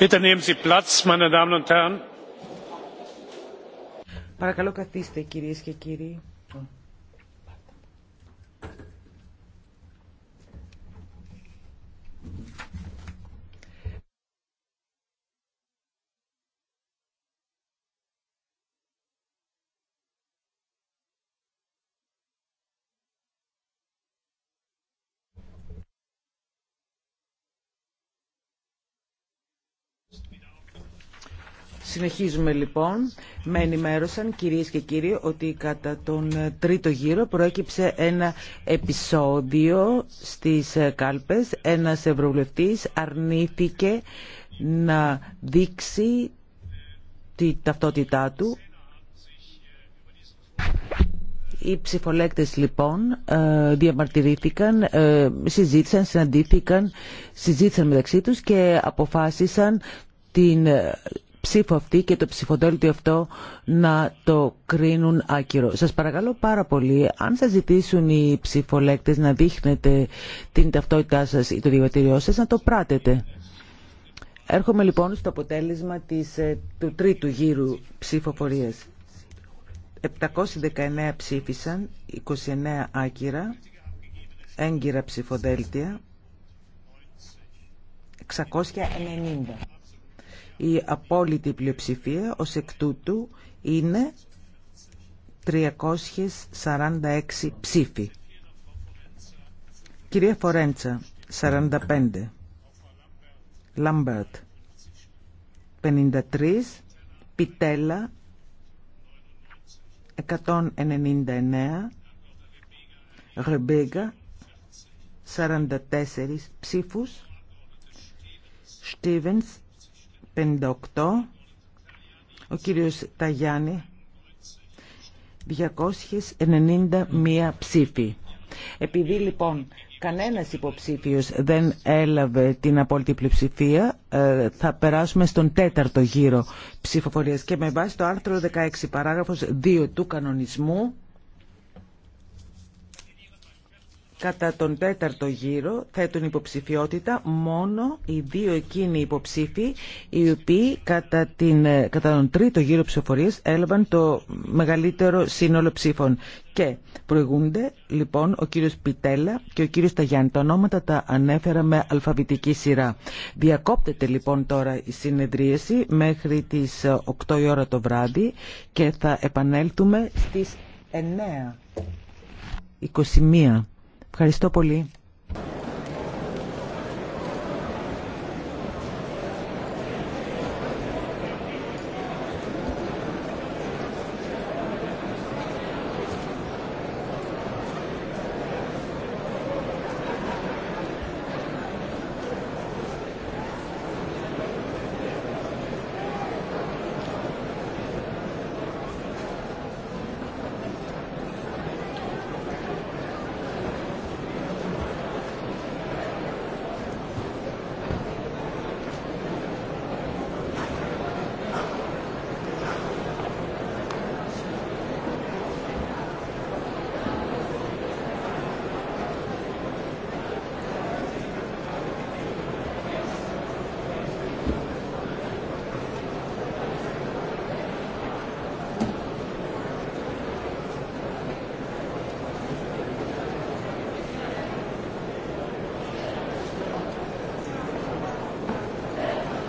Bitte nehmen Sie Platz, meine Damen und Herren. Παρακαλώ καθίστε κυρίες και κύριοι. Συνεχίζουμε λοιπόν. Με ενημέρωσαν κυρίες και κύριοι ότι κατά τον ε, τρίτο γύρο προέκυψε ένα επεισόδιο στις ε, κάλπες. Ένας ευρωβουλευτής αρνήθηκε να δείξει τη ταυτότητά του. Οι ψηφολέκτες λοιπόν ε, διαμαρτυρήθηκαν, συζήτησαν, συναντήθηκαν, συζήτησαν μεταξύ τους και αποφάσισαν την ψήφο αυτή και το ψηφοδέλτιο αυτό να το κρίνουν άκυρο. Σας παρακαλώ πάρα πολύ, αν σας ζητήσουν οι ψηφολέκτες να δείχνετε την ταυτότητά σας ή το διαβατήριό σας, να το πράτετε. Έρχομαι λοιπόν στο αποτέλεσμα της, ε, του τρίτου γύρου ψηφοφορίας. 719 ψήφισαν, 29 άκυρα, έγκυρα ψηφοδέλτια, 690. Η απόλυτη πλειοψηφία ως εκ τούτου είναι 346 ψήφοι. Κυρία Φορέντσα, 45. Λαμπέρτ, 53. Πιτέλα, 199. Ρεμπέγκα, 44 ψήφους. Στίβενς, 58. Ο κύριος Ταγιάννη. 291 ψήφοι. Επειδή λοιπόν κανένας υποψήφιος δεν έλαβε την απόλυτη πλειοψηφία, ε, θα περάσουμε στον τέταρτο γύρο ψηφοφορίας και με βάση το άρθρο 16 παράγραφος 2 του κανονισμού Κατά τον τέταρτο γύρο θέτουν υποψηφιότητα μόνο οι δύο εκείνοι υποψήφοι οι οποίοι κατά, την, κατά τον τρίτο γύρο ψηφοφορίας έλαβαν το μεγαλύτερο σύνολο ψήφων. Και προηγούνται λοιπόν ο κύριος Πιτέλα και ο κύριος Ταγιάννη. Τα ονόματα τα ανέφερα με αλφαβητική σειρά. Διακόπτεται λοιπόν τώρα η συνεδρίαση μέχρι τις 8 η ώρα το βράδυ και θα επανέλθουμε στις 9.21. Ευχαριστώ πολύ.